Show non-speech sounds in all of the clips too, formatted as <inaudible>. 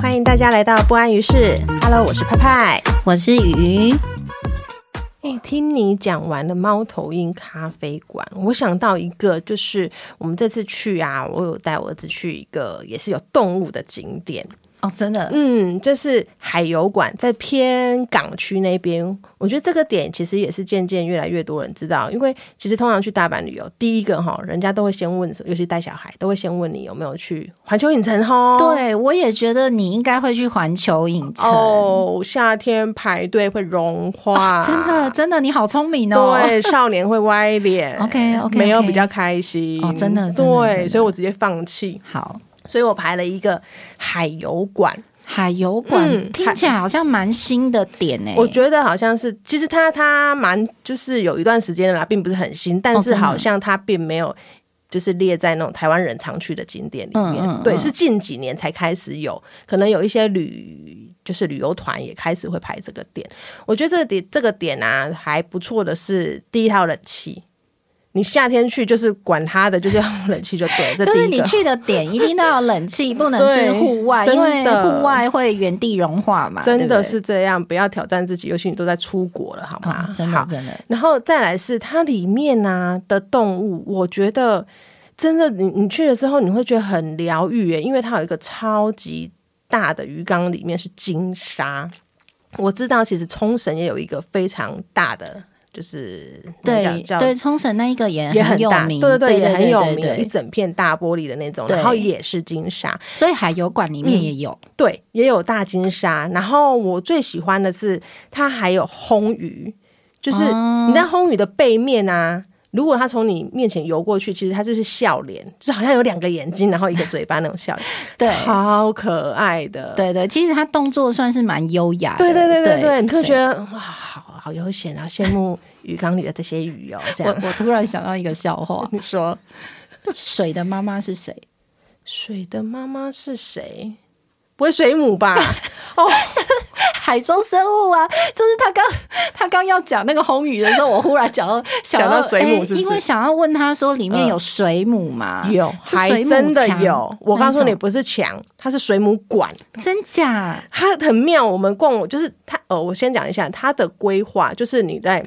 歡迎大家來到不安於室 Hello，我是派派，我是雨雨。欸，聽你講完了貓頭鷹咖啡館，我想到一個，就是我們這次去啊，我有帶我兒子去一個也是有動物的景點。哦、oh，真的，嗯，就是海遊館在偏港區那邊，我覺得這個點其實也是漸漸越來越多人知道，因為其實通常去大阪旅遊，第一個哈，人家都會先問，尤其帶小孩都會先問你有沒有去環球影城哈。對，我也覺得你應該會去環球影城，oh, 夏天排隊會融化，oh, 真的，真的，你好聰明哦。對，少年會歪臉 <laughs> ，OK OK，, okay. 沒有比較開心，哦、oh，真的，對，真的，真的，所以我直接放棄，好。所以我排了一個海遊館，海遊館。嗯、聽起來好像蠻新的點。欸、我覺得好像是，其實它它蠻就是有一段時間的啦，並不是很新，但是好像它並沒有就是列在那種台灣人常去的景點裡面，嗯、對、嗯，是近幾年才開始有、嗯嗯、可能有一些旅就是旅遊團也開始會排這個點，我覺得這個點這個點啊還不錯的是第一套冷氣。你夏天去就是管它的，就是要冷氣就對了。 <laughs> 就是你去的點一定都要冷氣， <laughs> 不能是戶外，因為戶外會原地融化嘛。真的是這樣對不對，不要挑戰自己，尤其你都在出國了，好嗎？啊、真的真的。然後再來是它裡面呢、啊、的動物，我覺得真的你，你你去了之後你會覺得很療癒，因為它有一個超級大的魚缸，裡面是鯨鯊。我知道，其實沖繩也有一個非常大的。就是對對，對，對對，沖繩那一個也也很有名，對對對，很有名對對對對對，一整片大玻璃的那種，然後也是鯨鯊。所以海遊館裡面也有、嗯，對，也有大鯨鯊。然後我最喜歡的是，它還有魟魚，就是、哦、你在魟魚的背面啊，如果它從你面前游過去，其實它就是笑臉，就是、好像有兩個眼睛，然後一個嘴巴那種笑臉， <laughs> 對，超可愛的，對，對對，其實它動作算是蠻優雅的，對對對對對，對你會覺得哇，好好悠閒啊，羨慕。 <laughs> 魚缸裡的這些魚哦、喔，這樣我，我突然想到一個笑話。你說，水的媽媽是誰？水的媽媽是誰？不會水母吧？ <laughs> 哦，海中生物啊，就是他剛他剛要講那個紅魚的時候，我忽然想到想，想到水母是是、欸，因為想要問他說裡面有水母嗎？嗯、有水母，還真的有。我告訴你，不是牆，它是水母館。真假？它很妙。我們逛，就是它、呃、我先講一下它的規劃，就是你在。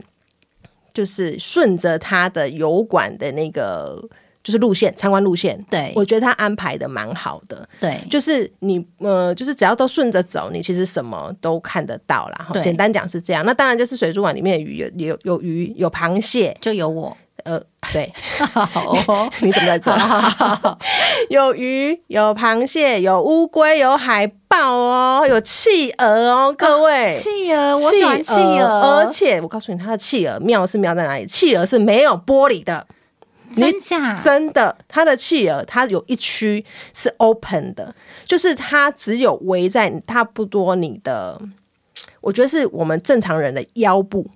就是順着它的遊館的那個就是路線，參觀路線。對，我覺得他安排的蠻好的。對，就是你呃，就是只要都順着走，你其實什麼都看得到啦。簡單講是這樣。那當然就是水族館裡面的魚有有有魚有螃蟹，就有我。呃，對， <laughs> 好哦、 <laughs> 你怎麼在這？ <laughs> 有魚，有螃蟹，有烏龜，有海豹哦，有企鵝哦，各位，哦、企鵝，我喜歡企鵝。而且我告訴你，它的企鵝妙是妙在哪裡？企鵝是沒有玻璃的，真假？真的，它的企鵝它有一區是 open 的，就是它只有圍在你差不多你的，我覺得是我們正常人的腰部。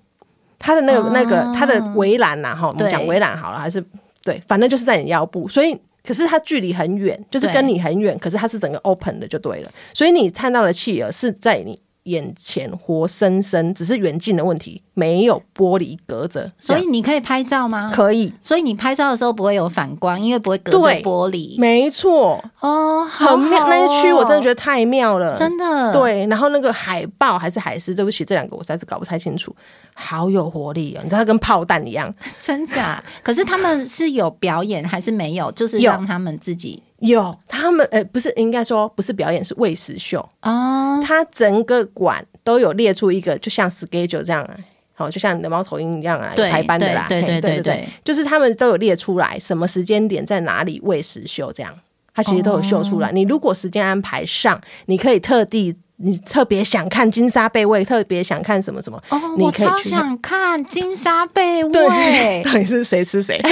它的那個那個它的圍欄啦，哈，我們講圍欄好了，還是對，反正就是在你腰部，所以可是它距離很遠，就是跟你很遠，可是它是整個 open 的就對了，所以你看到的企鵝是在你眼前活生生，只是遠近的問題，沒有玻璃隔着，所以你可以拍照嗎？可以，所以你拍照的時候不會有反光，因為不會隔着玻璃。沒錯，oh，哦，很妙，那一區我真的覺得太妙了，真的。對，然後那個海豹還是海獅？對不起，這兩個我實在是搞不太清楚。好有活力啊，你知道它跟炮彈一樣， <laughs> 真假？可是他們是有表演 <laughs> 還是沒有？就是讓他們自己。有他們，呃，不是應該說不是表演，是餵食秀哦他、嗯、整個館都有列出一個，就像 schedule 這樣啊，好，就像你的貓頭鷹一樣啊，排班的啦，對對對,對對對對，就是他們都有列出來，什麼時間點在哪裡餵食秀這樣，他其實都有秀出來。哦、你如果時間安排上，你可以特地，你特別想看金沙貝位，特別想看什麼什麼，哦，你我超想看金沙貝位，對，到底是誰吃誰？ <laughs>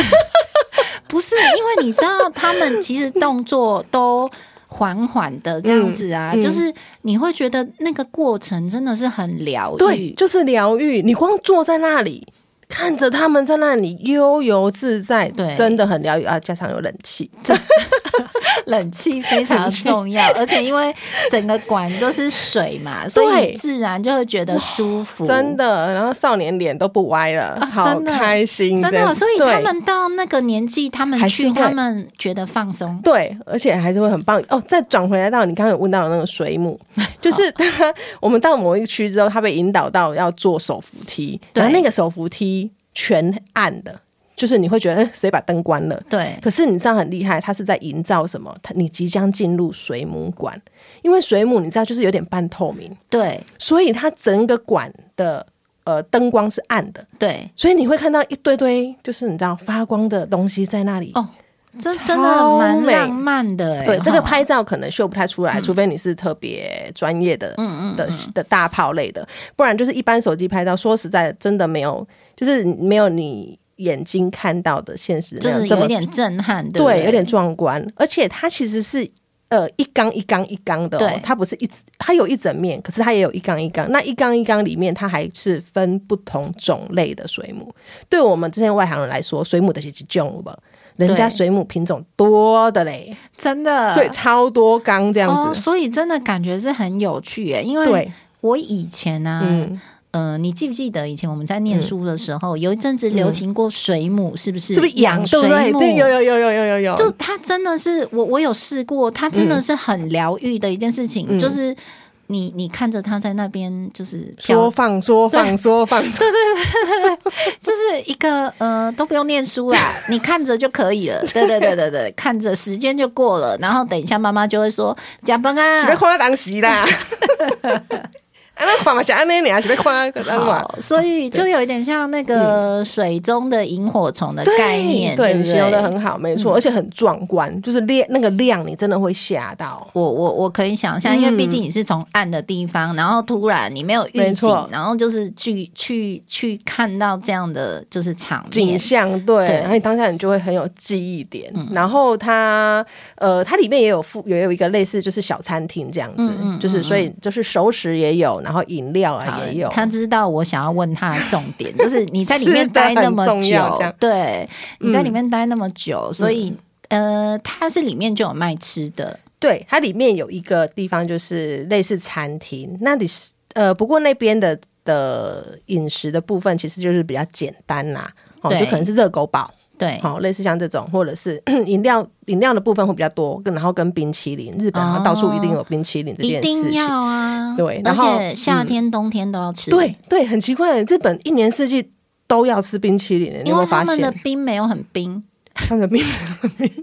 不是，因為你知道他們其實動作都緩緩的這樣子啊、嗯嗯，就是你會覺得那個過程真的是很療癒，對，就是療癒。你光坐在那裡看着他們在那裡悠游自在，對，真的很療癒啊。加上有冷氣。真的 <laughs> 冷氣非常重要，而且因為整個館都是水嘛，所以自然就會覺得舒服，真的。然後少年臉都不歪了、啊，好開心，真的，真的。所以他們到那個年紀，他們去還是他們覺得放鬆，對，而且還是會很棒。哦，再轉回來到你剛才問到的那個水母，就是、哦、我們到某一個區之後，他被引導到要坐手扶梯，對，然後那個手扶梯全暗的。就是你會覺得誰把燈關了？對。可是你知道很厲害，它是在營造什麼？它你即將進入水母館，因為水母你知道就是有點半透明，對。所以它整個館的呃燈光是暗的，對。所以你會看到一堆堆就是你知道發光的東西在那裡哦，這真的蠻浪漫的欸。對，這個拍照可能秀不太出來，哦、除非你是特別專業的，嗯嗯的的大炮類的，不然就是一般手機拍照，說實在的真的沒有，就是沒有你。眼睛看到的現實麼就是有點震撼，對，對，對，有點壯觀。而且它其實是呃一缸一缸一缸的，哦，對，它不是一它有一整面，可是它也有一缸一缸。那一缸一缸裡面，它還是分不同種類的水母。對我們這些外行人來說，水母的是巨無霸，人家水母品種多的嘞，真的，所以超多缸這樣子，哦，所以真的感覺是很有趣耶。因為我以前呢，啊。嗯呃，你記不記得以前我們在念書的時候，有一陣子流行過水母是不是、嗯嗯，是不是？是不是養水母對？有有有有有有有，有，就他真的是，我我有試過，他真的是很療癒的一件事情。嗯、就是你你看着他在那邊，就是說放說放說放說對，對對對就是一個呃都不用念書啦、啊，你看着就可以了。 <laughs> 對對對對對，看着時間就過了，然後等一下媽媽就會說：“加班啊，什麼是當時啦那誇嘛，想安那你啊，隨便誇可那，所以就有一點像那個水中的螢火蟲的概念，對修得的很好，沒錯、嗯，而且很壯觀，就是亮那個亮，你真的會嚇到我。我我可以想象，因為畢竟你是從暗的地方、嗯，然後突然你沒有預警沒錯，然後就是去去去看到這樣的就是場景象對，對，然後你當下你就會很有記憶點。嗯、然後它呃，它裡面也有附也有一個類似就是小餐廳這樣子，嗯嗯嗯嗯嗯，就是所以就是熟食也有。然後飲料啊也有，他知道我想要問他的重點， <laughs> 是就是你在裡面待那麼久，對，你在裡面待那麼久，嗯、所以呃，它是裡面就有賣吃的，對，它裡面有一個地方就是類似餐廳，那裡是呃，不過那邊的的飲食的部分其實就是比較簡單啦、啊，哦，就可能是熱狗堡。對，好，類似像這種，或者是飲 <coughs> 料，飲料的部分會比較多，跟然後跟冰淇淋，日本啊到處一定有冰淇淋這件事情、哦、一定要啊，對，然後，而且夏天冬天都要吃、嗯，對對，很奇怪，日本一年四季都要吃冰淇淋，因為他們的冰沒有很冰。他們的冰，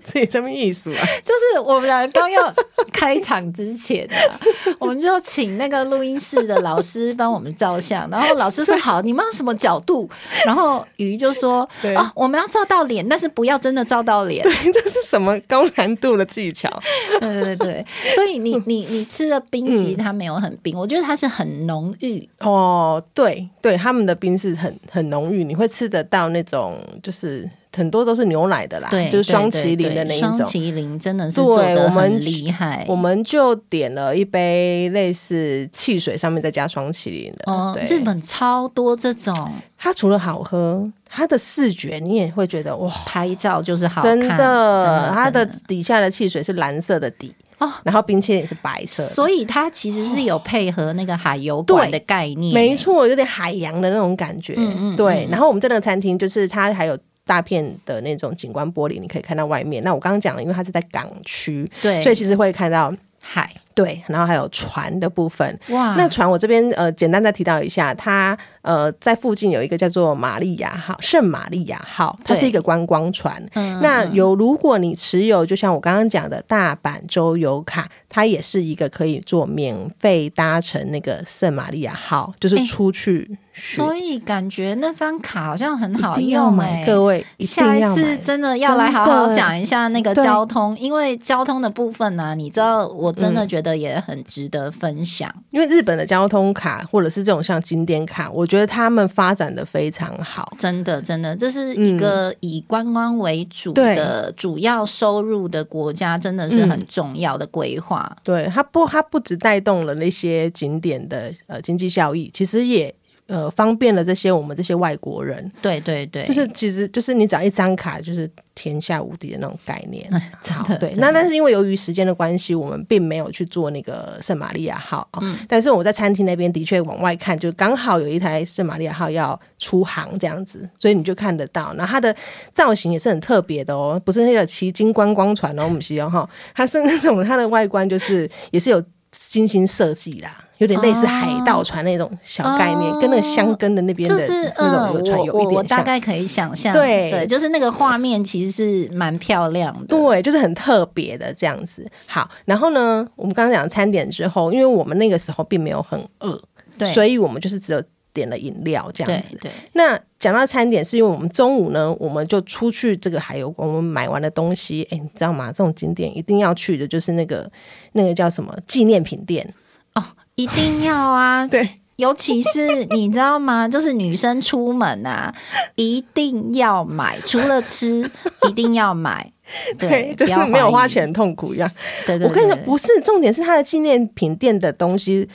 這什麼意思嗎、啊？ <laughs> 就是我們倆剛要開場之前、啊、 <laughs> 我們就請那個錄音室的老師幫我們照相，然後老師說好，你們要什麼角度？然後魚就說對啊，我們要照到臉，但是不要真的照到臉。這是什麼高難度的技巧？ <laughs> 對，對對對，所以你你你吃的冰其實它沒有很冰，嗯、我覺得它是很濃郁哦。對對，他們的冰是很很濃郁，你會吃得到那種就是。很多都是牛奶的啦，對對對對，就是霜淇淋的那一種。霜淇淋真的是很，對，我們厲害。我們就點了一杯類似汽水上面再加霜淇淋的。哦對，日本超多這種。它除了好喝，它的視覺你也會覺得哇，拍照就是好看真真。真的，它的底下的汽水是藍色的底哦，然後冰淇淋也是白色，所以它其實是有配合那個海遊館的概念。哦、沒錯，有點海洋的那種感覺。嗯嗯嗯對，然後我們在那個餐廳，就是它還有。大片的那種景觀玻璃，你可以看到外面。那我剛剛講了，因為它是在港區，對，所以其實會看到海，對，然後還有船的部分。哇，那船我這邊呃，簡單再提到一下，它呃在附近有一個叫做瑪利亞號、聖瑪利亞號，它是一個觀光船。嗯，那有，如果你持有，就像我剛剛講的大阪周遊卡。它也是一個可以做免費搭乘那個聖瑪利亞號，就是出去，去、欸。所以感覺那張卡好像很好用哎、欸！各位一，下一次真的要來好好講一下那個交通，因為交通的部分呢、啊，你知道，我真的覺得也很值得分享。嗯、因為日本的交通卡或者是這種像景點卡，我覺得他們發展得非常好，真的，真的，這是一個以觀光為主的主要收入的國家，真的是很重要的規劃。對，它不，它不只帶動了那些景點的呃經濟效益，其實也，呃，方便了這些我們這些外國人，對對對，就是其實就是你只要一張卡，就是天下無敵的那種概念。欸、好，對，那但是因為由於時間的關係，我們並沒有去做那個聖瑪利亞號。嗯，但是我在餐廳那邊的確往外看，就剛好有一台聖瑪利亞號要出航這樣子，所以你就看得到。那它的造型也是很特別的哦、喔，不是那個奇經觀光船哦、喔，我們形容哈， <laughs> 它是那種它的外觀就是也是有。 <laughs> 精心設計啦，有點類似海盜船那種小概念、哦，跟那個箱根的那邊的那種遊船有一點像，我我大概可以想象對對，就是那個畫面其實是蠻漂亮的。對，就是很特別的這樣子。好，然後呢，我們剛剛講餐點之後，因為我們那個時候並沒有很餓，對，所以我們就是只有。點了飲料這樣子，對，對那講到餐點，是因為我們中午呢，我們就出去這個海遊館，我們買完的東西，哎、欸，你知道嗎？這種景點一定要去的就是那個那個叫什麼紀念品店哦，一定要啊，對， <laughs> 尤其是 <laughs> 你知道嗎？就是女生出門啊，一定要買，除了吃， <laughs> 一定要買對，對，就是沒有花錢痛苦一樣。對，對，對，對，對，我跟你說，不是重點是它的紀念品店的東西。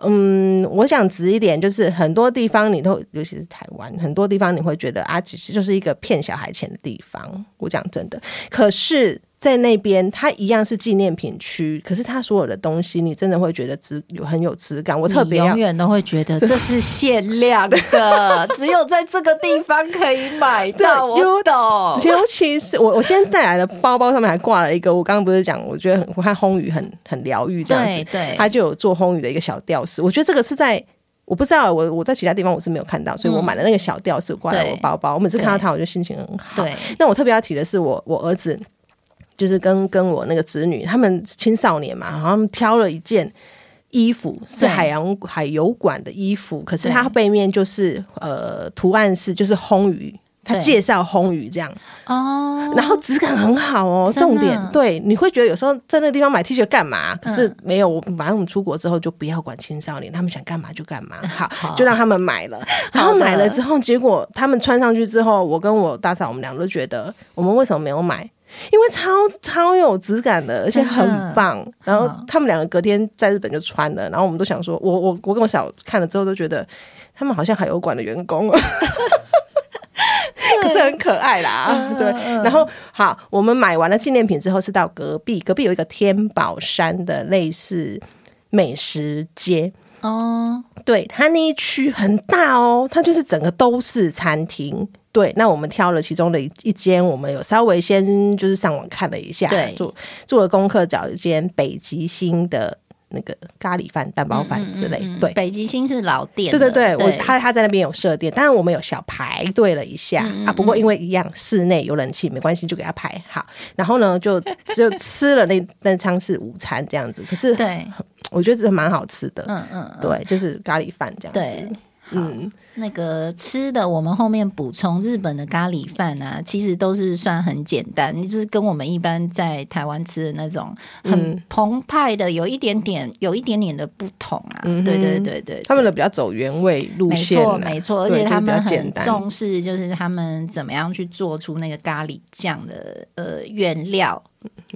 嗯，我想直一點，就是很多地方你都，尤其是台灣，很多地方你會覺得啊，其實就是一個騙小孩錢的地方。我講真的，可是。在那邊，它一樣是紀念品區，可是它所有的東西，你真的會覺得質有很有質感。我特別永遠都會覺得這是限量的，只有在這個地方可以買到。 <laughs> 我懂，其尤其是我我今天帶來的包包上面還掛了一個，我剛剛不是講，我覺得很我看魟魚很很療癒這樣子，對，他就有做魟魚的一個小吊飾。我覺得這個是在我不知道我我在其他地方我是沒有看到，所以我買了那個小吊飾掛在我包包。我每次看到它，我就心情很好。對，對，那我特別要提的是我，我我兒子。就是跟跟我那個姪女，他們青少年嘛，然後他們挑了一件衣服，是海洋海遊館的衣服，可是它背面就是呃圖案是就是魟魚，它介紹魟魚這樣。哦。然後質感很好哦，哦重點對，你會覺得有時候在那個地方買 T 恤幹嘛？可是沒有，我反正我們出國之後就不要管青少年，他們想幹嘛就幹嘛，嗯、好，好就讓他們買了。然後買了之後，結果他們穿上去之後，我跟我大嫂我們倆都覺得，我們為什麼沒有買？因為超超有質感的，而且很棒，嗯。然後他們兩個隔天在日本就穿了。嗯、然後我們都想說，我我我跟我小看了之後都覺得，他們好像海遊館的員工、嗯， <laughs> 可是很可愛啦。對。嗯嗯、然後好，我們買完了紀念品之後，是到隔壁，隔壁有一個天保山的類似美食街哦。對，它那一區很大哦，它就是整個都是餐廳。對，那我們挑了其中的一一間，我們有稍微先就是上網看了一下，做做了功課，找一間北極星的那個咖喱飯、蛋包飯之類嗯嗯嗯嗯。對，北極星是老店，對對對，對我他他在那邊有設店，當然我們有小排隊了一下嗯嗯啊。不過因為一樣室內有冷氣，沒關係，就給他排好。然後呢，就，就吃了那 <laughs> 那餐是午餐這樣子。可是，對，我覺得這是蠻好吃的。嗯，嗯嗯，對，就是咖喱飯這樣子。對嗯。那個吃的，我們後面補充日本的咖喱飯啊，其實都是算很簡單，就是跟我們一般在台灣吃的那種很澎湃的，嗯、有一點點，有一點點的不同啊。嗯、對、對對對對，他們的比較走原味路線，沒錯沒錯，而且他們很重視，就是他們怎麼樣去做出那個咖喱醬的呃原料。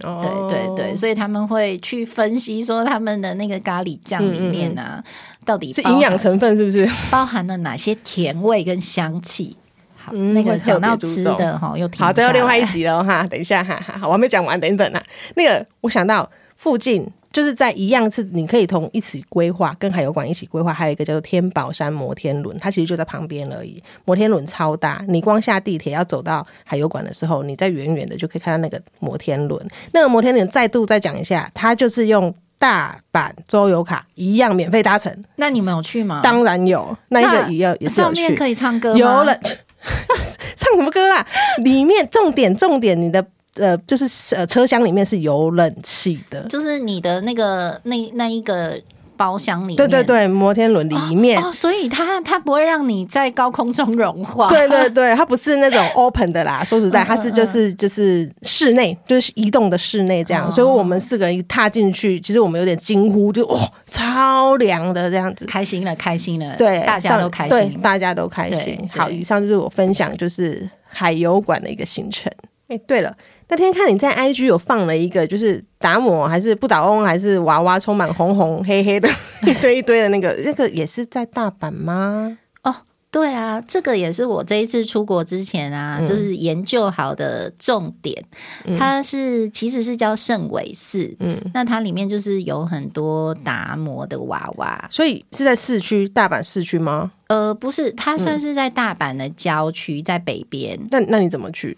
對對對，所以他們會去分析說他們的那個咖喱醬裡面啊，嗯嗯到底是營養成分是不是包含了哪些甜味跟香氣？好，嗯、那個講到吃的哈、哦，又停好，最後另外一集嘍哈，等一下哈，哈，我還沒講完，等等，那個我想到附近。就是在一樣是你可以同一起規劃，跟海遊館一起規劃，還有一個叫做天保山摩天輪，它其實就在旁邊而已。摩天輪超大，你光下地鐵要走到海遊館的時候，你在遠遠的就可以看到那個摩天輪。那個摩天輪再度再講一下，它就是用大阪周遊卡一樣免費搭乘。那你們有去嗎？當然有，那一個也要也是有去。那上面可以唱歌嗎？有了 <laughs> 唱什麼歌啊？裡面重點重點你的。呃，就是呃，車廂裡面是有冷氣的，就是你的那個那那一個包廂裡面。對對對，摩天輪裡面哦，哦，所以它它不會讓你在高空中融化。對對對，它不是那種 open 的啦。 <laughs> 說實在，它是就是就是室內，就是移動的室內這樣嗯嗯。所以我們四個人一踏進去，其實我們有點驚呼，就哦，超涼的這樣子，開心了，開心了，對，大家都開心，大家都開心，都開心。好，以上就是我分享，就是海遊館的一個行程。哎，對了。那天看你在 IG 有放了一個，就是達摩還是不倒翁還是娃娃，充滿紅紅黑黑，的一堆一堆的那個，那 <laughs> 個也是在大阪嗎？哦，對啊，這個也是我這一次出國之前啊，嗯、就是研究好的重點。嗯、它是其實是叫勝尾寺，嗯，那它裡面就是有很多達摩的娃娃，所以是在市區？大阪市區嗎？呃，不是，它算是在大阪的郊區，嗯，在北邊。那那你怎麼去？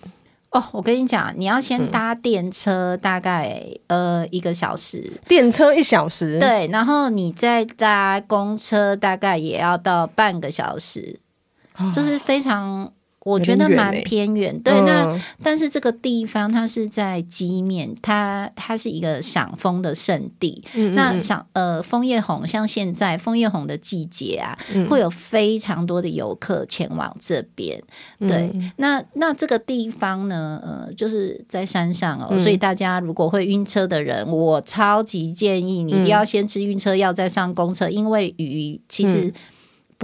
哦，我跟你講，你要先搭電車，大概、嗯、呃一個小時，電車一小時，對，然後你再搭公車，大概也要到半個小時，嗯、就是非常。我覺得蠻偏遠，欸、對。那、嗯、但是這個地方它是在箕面，它、它是一個賞楓的聖地。嗯嗯，那賞呃楓葉紅，像現在楓葉紅的季節啊，嗯、會有非常多的遊客前往這邊。對，嗯、那那這個地方呢，呃，就是在山上哦、喔，嗯、所以大家如果會暈車的人，我超級建議你一定要先吃暈車藥再上公車，嗯、因為魚其實、嗯。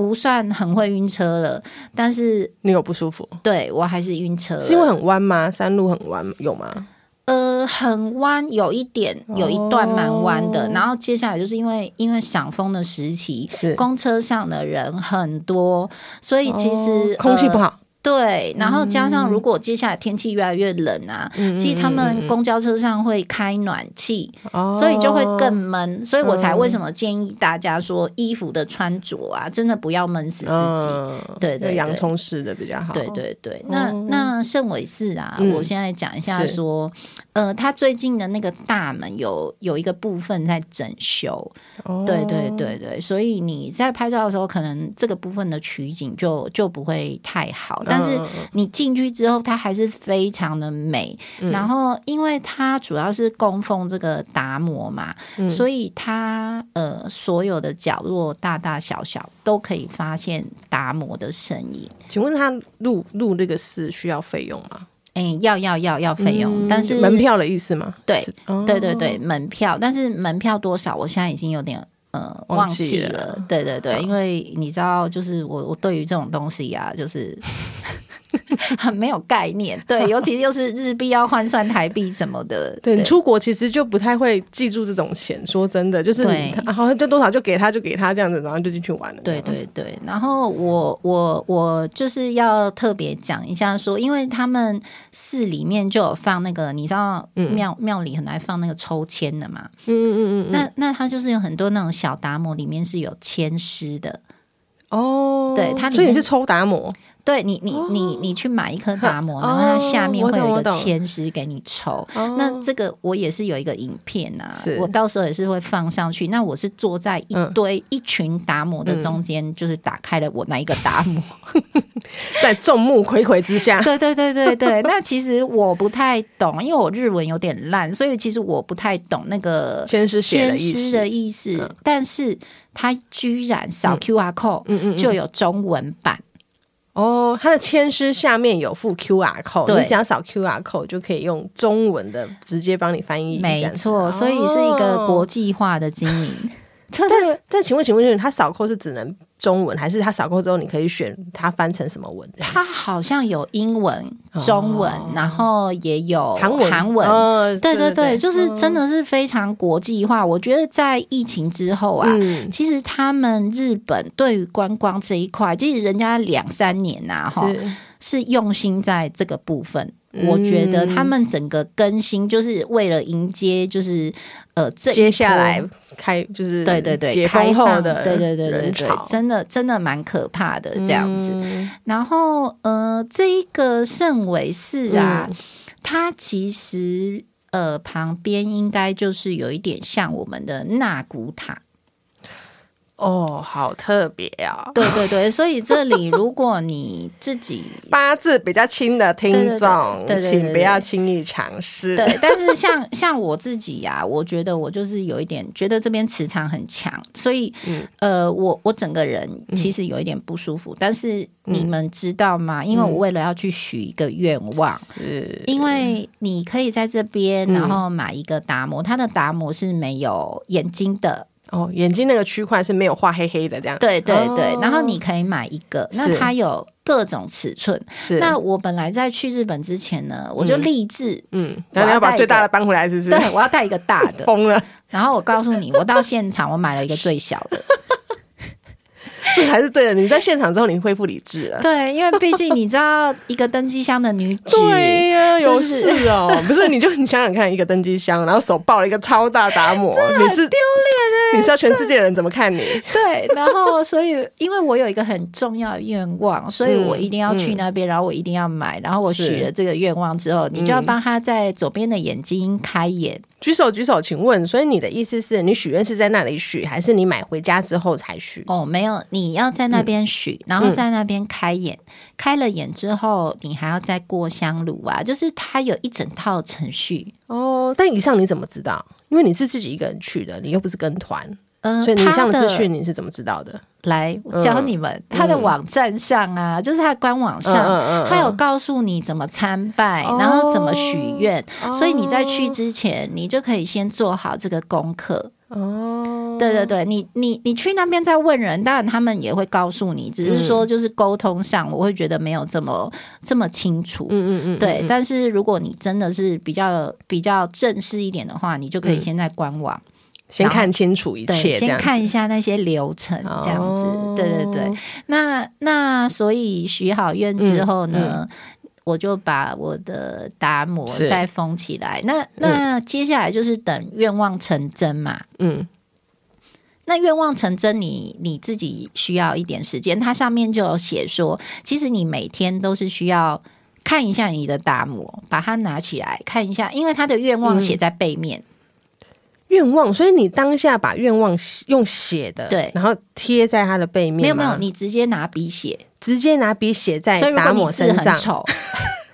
不算很會暈車了，但是你有不舒服？對，我還是暈車。是因為很彎嗎？山路很彎有嗎？呃，很彎有一點，有一段蠻彎的、哦，然後接下來就是因為因為賞楓的時期是，公車上的人很多，所以其實、哦呃、空氣不好。對，然後加上如果接下來天氣越來越冷啊，嗯、其實他們公交車上會開暖氣，嗯、所以就會更悶，哦，所以我才為什麼建議大家說衣服的穿着啊，嗯、真的不要悶死自己。嗯、對，對，對對，洋蔥式的比較好。對對對，對，哦，那那勝尾寺啊，嗯、我現在講一下說。呃，它最近的那個大門有有一個部分在整修，Oh. 對對對對，所以你在拍照的時候，可能這個部分的取景就就不會太好。但是你進去之後，它還是非常的美。嗯、然後，因為它主要是供奉這個達摩嘛，嗯、所以它呃所有的角落大大小小都可以發現達摩的身影。請問他入入那個寺需要費用嗎？哎、欸，要要要要費用、嗯，但是門票的意思嗎？對、哦，對對對，門票，但是門票多少，我現在已經有點呃忘記，忘記了。對對對，因為你知道，就是我我對於這種東西呀、啊，就是。 <laughs> <laughs> 很沒有概念，對，尤其是是日幣要換算台幣什麼的，對，對你出國其實就不太會記住這種錢。說真的，就是你對，好、啊、像就多少就給他，就給他這樣子，然後就進去玩了。對對對，然後我我我就是要特別講一下說，因為他們寺裡面就有放那個，你知道廟廟裡很愛放那個抽籤的嘛，嗯嗯嗯，嗯，那那他就是有很多那種小達摩，裡面是有籤詩的哦，對，他所以你是抽達摩。對你，你，你，你去買一顆達摩，哦，然後它下面會有一個籤詩給你抽。那這個我也是有一個影片啊，我到時候也是會放上去。那我是坐在一堆一群達摩的中間，嗯，就是打開了我那一個達摩， <laughs> <laughs> 在眾目睽睽之下。 <laughs> 對對對對對。那其實我不太懂，因為我日文有點爛，所以其實我不太懂那個籤詩籤詩的意思，的意思，嗯。但是它居然掃 QR code，嗯，就有中文版。嗯嗯嗯哦，它的籤詩下面有附 QR code，你只要掃 QR code 就可以用中文的直接幫你翻譯。沒錯，所以是一個國際化的經營。哦 <laughs> 就是，但請問，請問就是，他掃扣是只能中文，還是他掃扣之後你可以選他翻成什麼文？他好像有英文、中文，哦、然後也有韓文，韓文、哦對對對。對對對，就是真的是非常國際化、哦。我覺得在疫情之後啊，嗯、其實他們日本對於觀光這一塊，其實人家兩三年啊，哈，是用心在這個部分。我覺得他們整個更新，嗯、就是為了迎接，就是呃這，接下來開，就是對對對，後開放的，對對對對對，對對對真的，真的蠻可怕的這樣子。嗯、然後呃，這一個勝尾寺啊，它、嗯、其實呃旁邊應該就是有一點像我們的納古塔。Oh, 哦，好特別啊！對對對，所以這裡如果你自己 <laughs> 八字比較輕的聽眾， <laughs> 請不要輕易嘗試。 <laughs> 對，但是像像我自己呀、啊，我覺得我就是有一點覺得這邊磁場很強，所以、嗯、呃，我我整個人其實有一點不舒服。嗯、但是你們知道嗎、嗯？因為我為了要去許一個願望是，因為你可以在這邊然後買一個達摩，他、嗯、的達摩是沒有眼睛的。哦，眼睛那個區塊是沒有畫黑黑的這樣。對對對，哦、然後你可以買一個，那它有各種尺寸。是，那我本來在去日本之前呢，嗯、我就立志，嗯，然後你要把最大的搬回來，是不是？對，我要帶一個大的，瘋 <laughs> 了。然後我告訴你，我到現場我買了一個最小的。 <laughs> 這才是對的。你在現場之後，你恢復理智了。對，因為畢竟你知道，一個登機箱的女主。 <laughs> 對呀、啊，有事哦，就是、 <laughs> 不是？你就你想想看，一個登機箱，然後手抱了一個超大達摩、欸，你是丟臉哎，你知道全世界的人怎麼看你？對，然後所以，因為我有一個很重要的願望， <laughs> 嗯、所以我一定要去那邊、嗯，然後我一定要買，然後我許了這個願望之後，你就要幫他在左邊的眼睛開眼。嗯舉手舉手，請問，所以你的意思是你許願是在那裡許，還是你買回家之後才許？哦，沒有，你要在那邊許，嗯，然後在那邊開眼，開了眼之後，你還要再過香爐啊，就是它有一整套程序哦。但以上你怎麼知道？因為你是自己一個人去的，你又不是跟團。嗯，所以你上的資訊你是怎麼知道的？的來我教你們、嗯，他的網站上啊，嗯、就是他的官網上，嗯嗯嗯、他有告訴你怎麼參拜、嗯，然後怎麼許願、嗯，所以你在去之前，你就可以先做好這個功課。哦、嗯，對對對，你你你，你去那邊再問人，當然他們也會告訴你，只是說就是溝通上，我會覺得沒有這麼這麼清楚。嗯嗯嗯，對嗯。但是如果你真的是比較比較正式一點的話，你就可以先在官網。嗯先看清楚一切，先看一下那些流程、哦、這樣子，對對對。那那所以許好願之後呢、嗯嗯，我就把我的達摩再封起來。那那接下來就是等願望成真嘛。嗯，那願望成真你，你你自己需要一點時間。它上面就有寫說，其實你每天都是需要看一下你的達摩，把它拿起來看一下，因為他的願望寫在背面。嗯願望，所以你當下把願望用寫的，對，然後貼在他的背面。沒有沒有，你直接拿筆寫，直接拿筆寫在達摩身上， <laughs>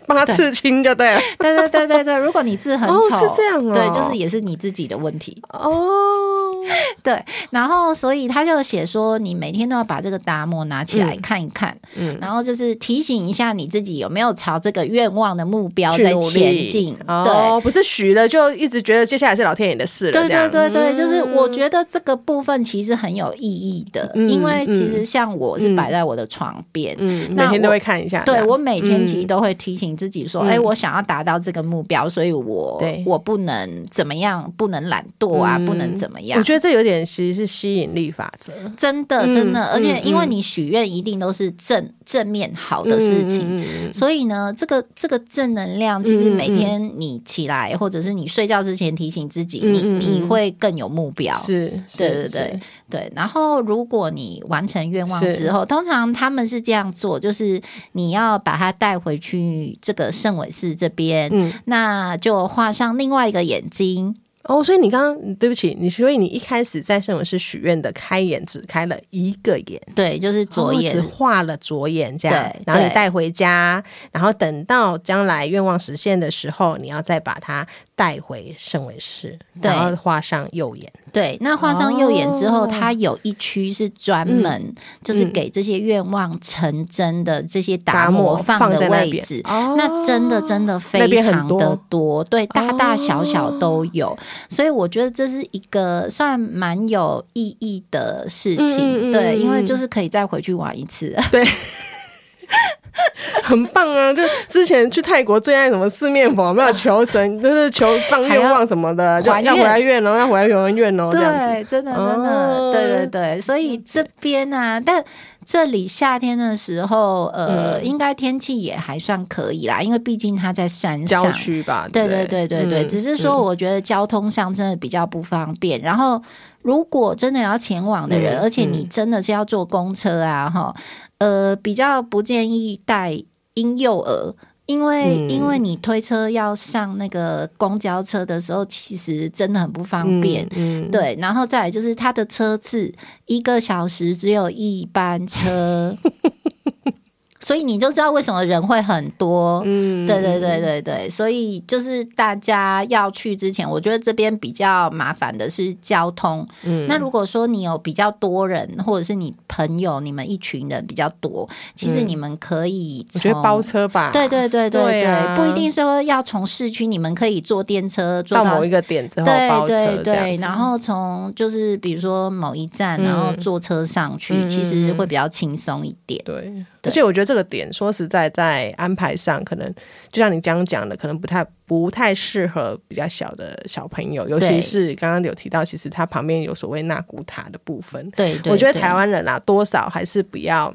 幫他刺青就對了，對對對對對，如果你字很醜，哦，是這樣哦，對，就是也是你自己的問題哦。對，然後所以他就寫說，你每天都要把這個達摩拿起來看一看，嗯，嗯，然後就是提醒一下你自己有沒有朝這個願望的目標在前進，哦。哦，不是許了就一直覺得接下來是老天爺的事。對對對對，嗯，就是我覺得這個部分其實很有意義的，嗯，因為其實像我是擺在我的床邊，嗯，嗯那我，每天都會看一下。對我每天其實都會提醒。自己說：“哎、欸，我想要達到這個目標，嗯、所以我我不能怎麼樣，不能懶惰啊、嗯，不能怎麼樣。”我覺得這有點其實是吸引力法則，真的真的、嗯。而且因為你許願一定都是正、嗯、正面好的事情，嗯、所以呢，這個這個正能量其實每天你起來、嗯、或者是你睡覺之前提醒自己，嗯、你你會更有目標。是、嗯、對對對對。然後如果你完成願望之後，通常他們是這樣做，就是你要把它帶回去。這個勝尾寺這邊，嗯，那就畫上另外一個眼睛。哦，所以你剛剛對不起你，所以你一開始在勝尾寺許願的開眼只開了一個眼，對，就是左眼，哦、只畫了左眼這樣，對，然後你帶回家，然後等到將來願望實現的時候，你要再把它帶回勝尾寺，然後畫上右眼。對，那畫上右眼之後，哦、它有一區是專門、嗯、就是給這些願望成真的這些達摩放的位置，那，哦、那真的真的非常的多，多，對，大大小小都有。哦所以我覺得這是一個算蠻有意義的事情，嗯嗯嗯嗯對，因為就是可以再回去玩一次，嗯嗯嗯、對、嗯，嗯、 <laughs> <laughs> 很棒啊！就之前去泰國最愛什麼四面佛，沒有求神，啊、就是求放願望什麼的，還要還願就要回來願，然後要回來還願哦，這樣子，對，真的真的，啊、對對對，所以這邊啊，但。這裡夏天的時候，呃、嗯，應該天氣也還算可以啦，因為畢竟它在山上，郊區吧？對對對，對對對對。嗯、只是說，我覺得交通上真的比較不方便。嗯、然後，如果真的要前往的人，嗯，而且你真的是要坐公車啊，吼、嗯，呃，比較不建議帶嬰幼兒。因為因為你推車要上那個公交車的時候，其實真的很不方便，嗯嗯、對。然後再來就是他的車次，一個小時只有一班車。 <laughs> 所以你就知道為什麼人會很多，嗯，對對對對對。所以就是大家要去之前，我覺得這邊比較麻煩的是交通，嗯。那如果說你有比較多人，或者是你朋友，你們一群人比較多，其實你們可以，嗯，我覺得包車吧？對對對對對，對啊，不一定說要從市區，你們可以坐電車坐到，到某一個點之後包車，對對對，然後從就是比如說某一站，然後坐車上去，嗯，其實會比較輕鬆一點。對。而且我覺得這個點說實在，在安排上可能就像你剛剛講的，可能不太不太適合比較小的小朋友，尤其是剛剛有提到，其實他旁邊有所謂納骨塔的部分。對，對，我覺得台灣人啊，多少還是不要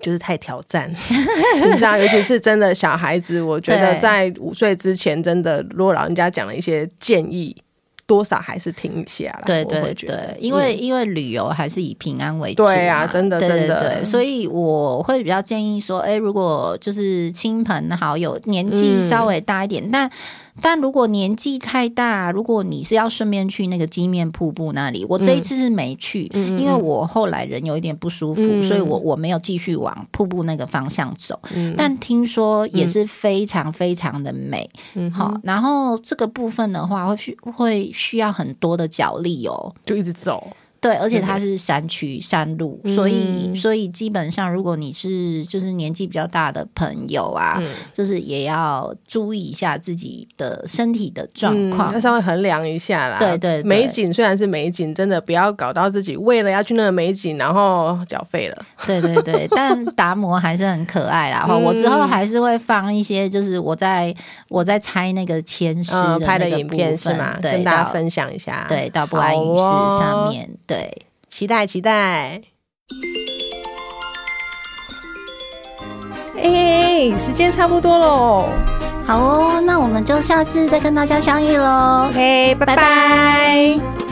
就是太挑戰，對對對，你知道，尤其是真的小孩子， <laughs> 我覺得在五歲之前，真的如果老人家講了一些建議。多少還是停下來，對對對、對，因為、嗯、因為旅遊還是以平安為主，啊，對啊，真的對對對，真的，所以我會比較建議說，哎、欸，如果就是親朋好友年紀稍微大一點，但、嗯。但如果年紀太大，如果你是要順便去那個箕面瀑布那裡，我這一次是沒去。嗯、因為我後來人有一點不舒服，嗯、所以我我沒有繼續往瀑布那個方向走，嗯。但聽說也是非常非常的美好，嗯。然後這個部分的話，會需會需要很多的腳力哦，喔，就一直走。對，而且它是山區山路，所以、嗯、所以基本上，如果你是就是年紀比較大的朋友啊、嗯，就是也要注意一下自己的身體的狀況，嗯、要稍微衡量一下啦。對，對對，美景雖然是美景，真的不要搞到自己為了要去那個美景，然後繳費了。對對對，但達摩還是很可愛啦。嗯、然後我之後還是會放一些，就是我在我在拆那個籤詩、嗯、拍的影片，是嗎？對？跟大家分享一下、啊對，對，到不安於室上面，哦、對。對，期待期待。哎、欸，時間差不多嘍，好哦，那我們就下次再跟大家相遇嘍。ok 拜拜。Bye bye